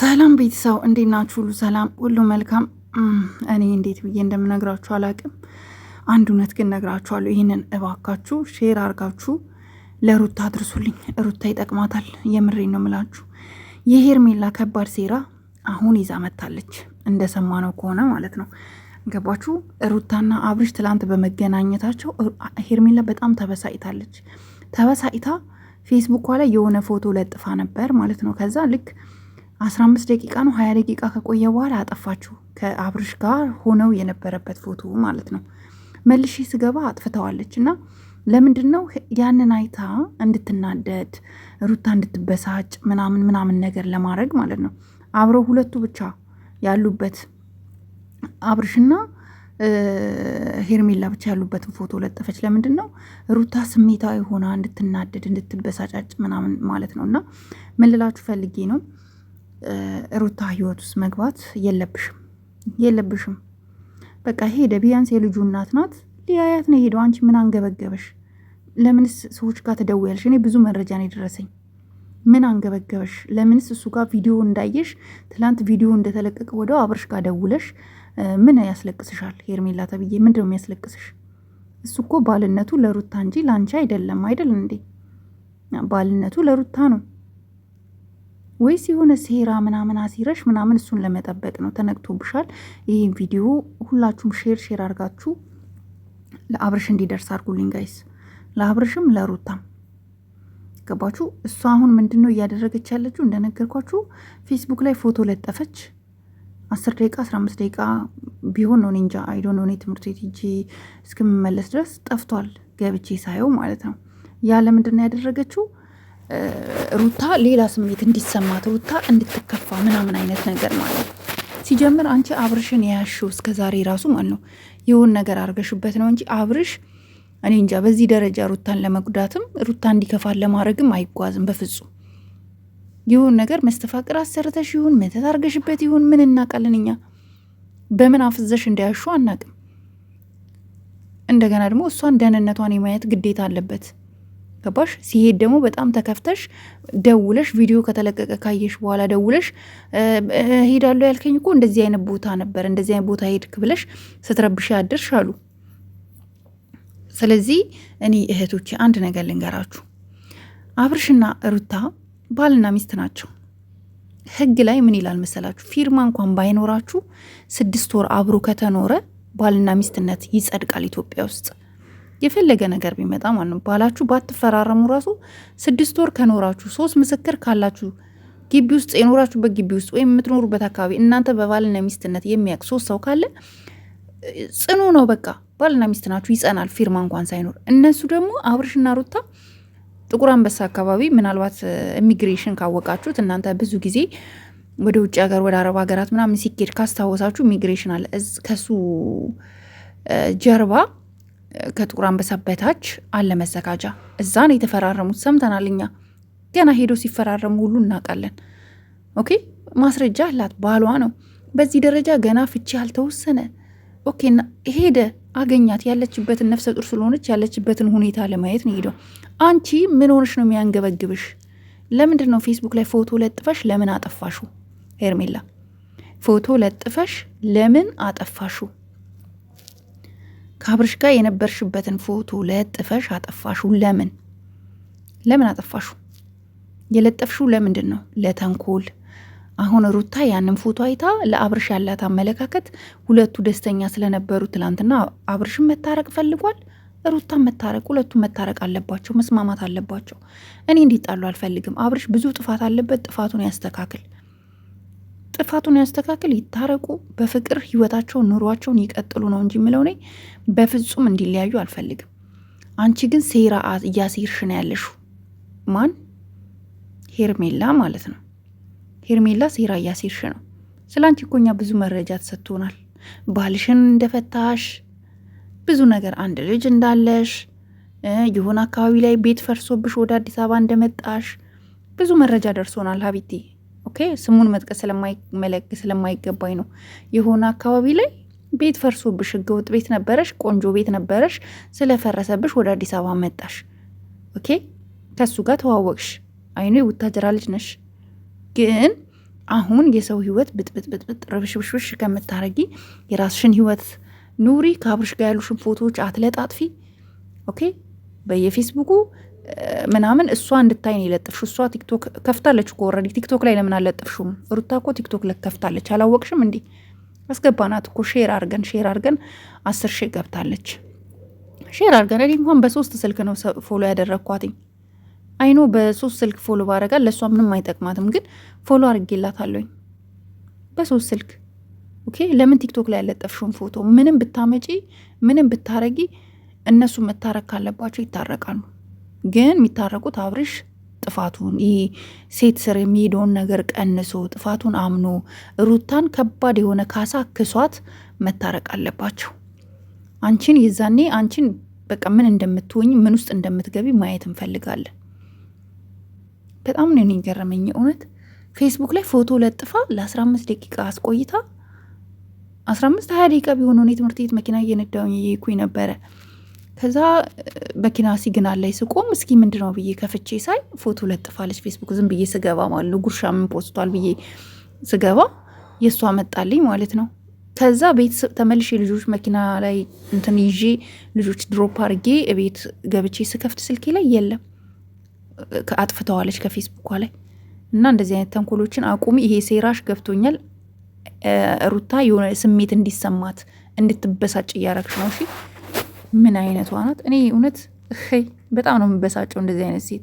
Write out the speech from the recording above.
ሰላም ቤተሰብ እንዴት ናችሁ? ሁሉ ሰላም፣ ሁሉ መልካም። እኔ እንዴት ብዬ እንደምነግራችሁ አላውቅም። አንድ እውነት ግን ነግራችኋለሁ። ይህንን እባካችሁ ሼር አርጋችሁ ለሩታ አድርሱልኝ። ሩታ ይጠቅማታል። የምሬ ነው ምላችሁ። የሄርሜላ ከባድ ሴራ አሁን ይዛ መታለች፣ እንደሰማነው ከሆነ ማለት ነው። ገባችሁ? ሩታና አብርሽ ትላንት በመገናኘታቸው ሄርሜላ በጣም ተበሳጭታለች። ተበሳጭታ ፌስቡኳ ላይ የሆነ ፎቶ ለጥፋ ነበር ማለት ነው። ከዛ ልክ 15 ደቂቃ ነው 20 ደቂቃ ከቆየ በኋላ አጠፋችሁ። ከአብርሽ ጋር ሆነው የነበረበት ፎቶ ማለት ነው። መልሼ ስገባ አጥፍተዋለች እና ለምንድን ነው ያንን አይታ እንድትናደድ ሩታ እንድትበሳጭ ምናምን ምናምን ነገር ለማድረግ ማለት ነው። አብረው ሁለቱ ብቻ ያሉበት አብርሽና ሄርሜላ ብቻ ያሉበትን ፎቶ ለጠፈች። ለምንድን ነው ሩታ ስሜታዊ ሆና እንድትናደድ እንድትበሳጫጭ ምናምን ማለት ነው። እና ምን ልላችሁ ፈልጌ ነው ሩታ ህይወት ውስጥ መግባት የለብሽም የለብሽም። በቃ ሄደ። ቢያንስ የልጁ እናት ናት፣ ሊያያት ነው የሄደው። አንቺ ምን አንገበገበሽ? ለምንስ ሰዎች ጋር ትደውያለሽ? እኔ ብዙ መረጃ ነው የደረሰኝ። ምን አንገበገበሽ? ለምንስ እሱ ጋር ቪዲዮ እንዳየሽ ትላንት ቪዲዮ እንደተለቀቀ ወደው አብርሽ ጋር ደውለሽ ምን ያስለቅስሻል? ሄርሜላ ተብዬ ምንድነው የሚያስለቅስሽ? እሱ እኮ ባልነቱ ለሩታ እንጂ ለአንቺ አይደለም። አይደል እንዴ? ባልነቱ ለሩታ ነው። ወይስ የሆነ ሴራ ምናምን አሲረሽ ምናምን እሱን ለመጠበቅ ነው? ተነቅቶብሻል። ይህን ቪዲዮ ሁላችሁም ሼር ሼር አድርጋችሁ ለአብርሽ እንዲደርስ አድርጉልኝ ጋይስ፣ ለአብርሽም ለሩታም ገባችሁ። እሷ አሁን ምንድን ነው እያደረገች ያለችው? እንደነገርኳችሁ ፌስቡክ ላይ ፎቶ ለጠፈች። አስር ደቂቃ አስራ አምስት ደቂቃ ቢሆን ነው እንጃ ነው ሆኔ ትምህርት ቤት ሂጄ እስክምመለስ ድረስ ጠፍቷል። ገብቼ ሳየው ማለት ነው ያ ለምንድን ነው ያደረገችው ሩታ ሌላ ስሜት እንዲሰማት ሩታ እንድትከፋ ምናምን አይነት ነገር ማለት ነው። ሲጀምር አንቺ አብርሽን የያሽው እስከ ዛሬ ራሱ ማለት ነው ይሁን ነገር አድርገሽበት ነው እንጂ አብርሽ እኔ እንጃ በዚህ ደረጃ ሩታን ለመጉዳትም ሩታ እንዲከፋን ለማድረግም አይጓዝም በፍጹም። ይሁን ነገር መስተፋቅር አሰርተሽ ይሁን መተት አድርገሽበት ይሁን ምን እናውቃለን እኛ በምን አፍዘሽ እንዳያሹ አናቅም። እንደገና ደግሞ እሷን ደህንነቷን የማየት ግዴታ አለበት። ገባሽ? ሲሄድ ደግሞ በጣም ተከፍተሽ ደውለሽ ቪዲዮ ከተለቀቀ ካየሽ በኋላ ደውለሽ ሄዳለሁ ያልከኝ እኮ እንደዚህ አይነት ቦታ ነበር፣ እንደዚህ አይነት ቦታ ሄድክ ብለሽ ስትረብሽ ያደርሽ አሉ። ስለዚህ እኔ እህቶቼ አንድ ነገር ልንገራችሁ፣ አብርሽና ሩታ ባልና ሚስት ናቸው። ህግ ላይ ምን ይላል መሰላችሁ? ፊርማ እንኳን ባይኖራችሁ ስድስት ወር አብሮ ከተኖረ ባልና ሚስትነት ይጸድቃል ኢትዮጵያ ውስጥ። የፈለገ ነገር ቢመጣ ማንም ባላችሁ ባትፈራረሙ ራሱ ስድስት ወር ከኖራችሁ ሶስት ምስክር ካላችሁ ግቢ ውስጥ የኖራችሁበት ግቢ ውስጥ ወይም የምትኖሩበት አካባቢ እናንተ በባልና ሚስትነት የሚያውቅ ሶስት ሰው ካለ ጽኑ ነው። በቃ ባልና ሚስት ናችሁ፣ ይጸናል ፊርማ እንኳን ሳይኖር። እነሱ ደግሞ አብርሽና ሩታ ጥቁር አንበሳ አካባቢ ምናልባት ኢሚግሬሽን ካወቃችሁት እናንተ ብዙ ጊዜ ወደ ውጭ ሀገር ወደ አረብ ሀገራት ምናምን ሲኬድ ካስታወሳችሁ ኢሚግሬሽን አለ ከሱ ጀርባ ከጥቁር አንበሳ በታች አለ መዘጋጃ። እዛ ነው የተፈራረሙት። ሰምተናል እኛ ገና ሄዶ ሲፈራረሙ ሁሉ እናውቃለን። ኦኬ ማስረጃ አላት። ባሏ ነው። በዚህ ደረጃ ገና ፍቺ ያልተወሰነ ኦኬ ሄደ አገኛት። ያለችበትን ነፍሰ ጡር ስለሆነች ያለችበትን ሁኔታ ለማየት ነው ሄደው። አንቺ ምን ሆነሽ ነው የሚያንገበግብሽ? ለምንድን ነው ፌስቡክ ላይ ፎቶ ለጥፈሽ ለምን አጠፋሹ? ሄርሜላ ፎቶ ለጥፈሽ ለምን አጠፋሹ? ከአብርሽ ጋር የነበርሽበትን ፎቶ ለጥፈሽ አጠፋሹ። ለምን ለምን አጠፋሹ? የለጠፍሽው ለምንድን ነው? ለተንኮል። አሁን ሩታ ያንን ፎቶ አይታ ለአብርሽ ያላት አመለካከት ሁለቱ ደስተኛ ስለነበሩ ትላንትና አብርሽን መታረቅ ፈልጓል፣ ሩታን መታረቅ፣ ሁለቱ መታረቅ አለባቸው፣ መስማማት አለባቸው። እኔ እንዲጣሉ አልፈልግም። አብርሽ ብዙ ጥፋት አለበት፣ ጥፋቱን ያስተካክል። ጥፋቱን ያስተካክል፣ ይታረቁ፣ በፍቅር ህይወታቸውን ኑሯቸውን ይቀጥሉ ነው እንጂ የምለው እኔ በፍጹም እንዲለያዩ አልፈልግም። አንቺ ግን ሴራ እያሴርሽ ነው ያለሽው። ማን? ሄርሜላ ማለት ነው። ሄርሜላ ሴራ እያሴርሽ ነው። ስለ አንቺ እኮ እኛ ብዙ መረጃ ተሰጥቶናል። ባልሽን እንደፈታሽ ብዙ ነገር፣ አንድ ልጅ እንዳለሽ፣ የሆነ አካባቢ ላይ ቤት ፈርሶብሽ ወደ አዲስ አበባ እንደመጣሽ ብዙ መረጃ ደርሶናል ሀቢቴ ኦኬ፣ ስሙን መጥቀስ ስለማይገባኝ ነው። የሆነ አካባቢ ላይ ቤት ፈርሶብሽ፣ ህገወጥ ቤት ነበረሽ፣ ቆንጆ ቤት ነበረሽ፣ ስለፈረሰብሽ ወደ አዲስ አበባ መጣሽ። ኦኬ፣ ከሱ ጋር ተዋወቅሽ። አይኑ የቡታጀራ ልጅ ነሽ፣ ግን አሁን የሰው ህይወት ብጥብጥብጥብጥ ርብሽብሽብሽ ከምታረጊ የራስሽን ህይወት ኑሪ። ከአብርሽ ጋር ያሉሽን ፎቶዎች አትለጣጥፊ። ኦኬ፣ በየፌስቡኩ ምናምን እሷ እንድታይ ነው የለጥፍሽ። እሷ ቲክቶክ ከፍታለች እኮ ኦልሬዲ። ቲክቶክ ላይ ለምን አልለጥፍሽውም? ሩታ እኮ ቲክቶክ ላይ ከፍታለች፣ አላወቅሽም እንዴ? አስገባናት እኮ ሼር አርገን ሼር አርገን አስር ሺህ ገብታለች። ሼር አርገን እኔ እንኳን በሶስት ስልክ ነው ፎሎ ያደረግኳትኝ። አይኖ በሶስት ስልክ ፎሎ ባረጋል ለእሷ ምንም አይጠቅማትም፣ ግን ፎሎ አርጌላታለሁኝ በሶስት ስልክ። ኦኬ ለምን ቲክቶክ ላይ ያለጠፍሽውን ፎቶ ምንም ብታመጪ ምንም ብታረጊ እነሱ መታረቅ ካለባቸው ይታረቃሉ። ግን የሚታረቁት አብርሽ ጥፋቱን ይሄ ሴት ስር የሚሄደውን ነገር ቀንሶ ጥፋቱን አምኖ ሩታን ከባድ የሆነ ካሳ ክሷት መታረቅ አለባቸው። አንቺን የዛኔ አንቺን በቃ ምን እንደምትወኝ ምን ውስጥ እንደምትገቢ ማየት እንፈልጋለን። በጣም ነው የገረመኝ እውነት። ፌስቡክ ላይ ፎቶ ለጥፋ ለ15 ደቂቃ አስቆይታ 15 20 ደቂቃ ቢሆን እኔ ትምህርት ቤት መኪና እየነዳውኝ እየሄድኩኝ ነበረ ከዛ መኪና ሲግናል ላይ ስቆም እስኪ ምንድነው ብዬ ከፍቼ ሳይ ፎቶ ለጥፋለች ፌስቡክ። ዝም ብዬ ስገባ ማለት ነው ጉርሻ ምን ፖስቷል ብዬ ስገባ የእሷ መጣልኝ ማለት ነው። ከዛ ቤት ተመልሼ ልጆች መኪና ላይ እንትን ይዤ ልጆች ድሮፕ አድርጌ ቤት ገብቼ ስከፍት ስልኬ ላይ የለም፣ አጥፍተዋለች ከፌስቡኳ ላይ እና እንደዚህ አይነት ተንኮሎችን አቁሚ። ይሄ ሴራሽ ገብቶኛል። ሩታ የሆነ ስሜት እንዲሰማት እንድትበሳጭ እያረግሽ ነው። እሺ ምን አይነቷ ናት? እኔ እውነት በጣም ነው የምበሳጨው እንደዚህ አይነት ሴት